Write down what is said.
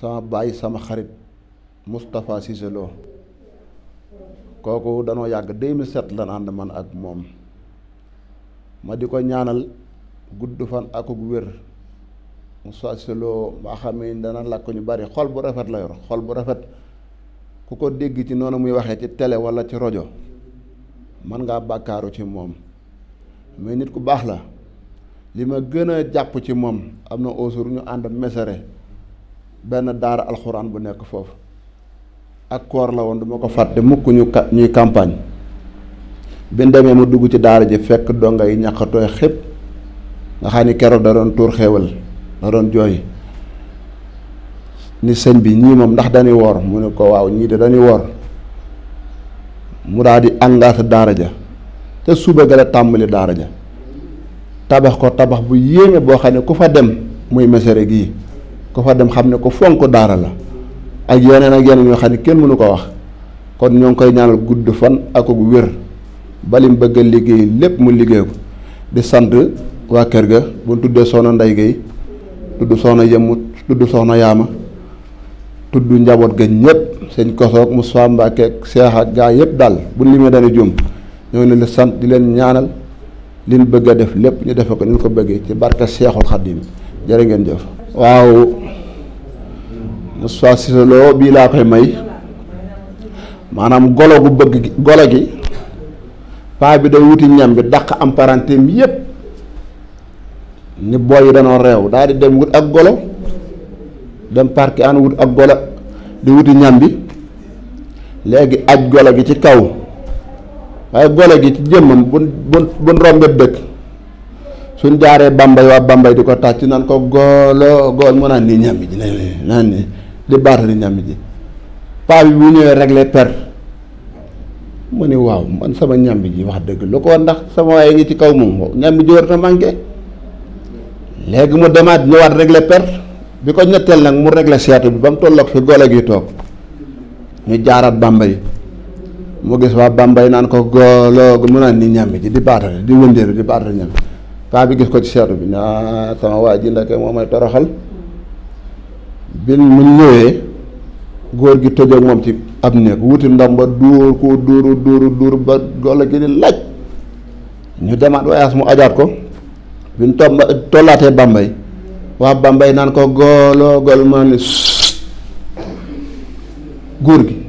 sama bàyyi sama xarit Moustapha Cissé Lo kooku danoo yàgg 2007 lan ànd man ak moom ma di ko ñaanal gudd fan ak wér Moustapha Cissé Lo ba xam ne dana làkk ñu bari xol bu rafet la yor xol bu rafet ku ko dégg ci noonu muy waxee ci télé walla ci rajo mën ngaa bàkkaaru ci moom mais nit ku baax la li ma gën a jàpp ci moom am na ausur ñu ànd mesere benn daara alxuraan bu nekk foofu ak koor la woon du ko fàtte mukk ñu ka ñuy campagne bi demee ma dugg ci daara ji fekk donga yi ñaqatooy xépp nga xam ni keroog da doon tuur xéewal da doon jooy ni sëñ bi ñii moom ndax dañuy woor mu ne ko waaw ñii de dañuy woor mu daal di àngaata daara ja te suba ga la tàmbali daara ja tabax ko tabax bu yéeme boo xam ne ku fa dem muy mesere gii ko fa dem xam ne ko fonk daara la ak yeneen ak yeneen ñoo xam ne kenn mënu ko wax kon ñoo ngi koy ñaanal gudd fan ak gu wér balim bëgg liggéey lépp mu liggéey ko di sant waa kër ga bu tuddee soxna ndey Guèye tudd soxna Yemut tudd soxna Yaama tudd njaboot ga ñëpp sëñ kosoog mu Mbacke ak ak gaa yëpp daal bu limee dana juum ñoo ngi leen sant di leen ñaanal liñ bëgg a def lépp ñu defe ko ñu ko bëggee ci barka Seexul Xaddim jërë ngeen jëf waaw Moustapha Cissé Lo bii laa koy may maanaam golo gu bëgg golo gi paa bi da wuti ñam bi daq am parentéem yépp ni bool yi danoo reew daal di dem wut ak golo dem park an wut ak golo di wuti ñam bi léegi aj golo gi ci kaw waaye golo gi ci jëmmam bu bu bu rombee dëkk suñ jaaree bambay waa bambay di ko tàcc naan ko goolo gool mu naan nii ñàmbi ji naan nii di baatali ñàmbi ji paa bi bu ñëwee réglé per mu ni waaw man sama ñàmbi ji wax dëgg lu ko ndax sama waaye ngi ci kaw moom ñàmbi ji war ta manqué léegi mu demaat ñëwaat réglé per bi ko ñetteel nag mu réglé seetu bi ba mu tolloog fi goole gi toog ñu jaaraat bambay mu gis waa bambay naan ko goolo mu naan nii ñàmbi ji di baatali di wëndeelu di baatali ñàmbi paa bi gis ko ci seetu bi naa sama waa ji ndeke moo may toroxal bi mu ñëwee góor gi tëjoog moom ci ab néeg wuti ndam ba dóor ko dóoru dóoru dóor ba golo gi di laaj ñu demaat wayaas mu ajaat ko bi ñu tomba tollaatee Bambey waa Bambey naan ko golo gol ma ni góor gi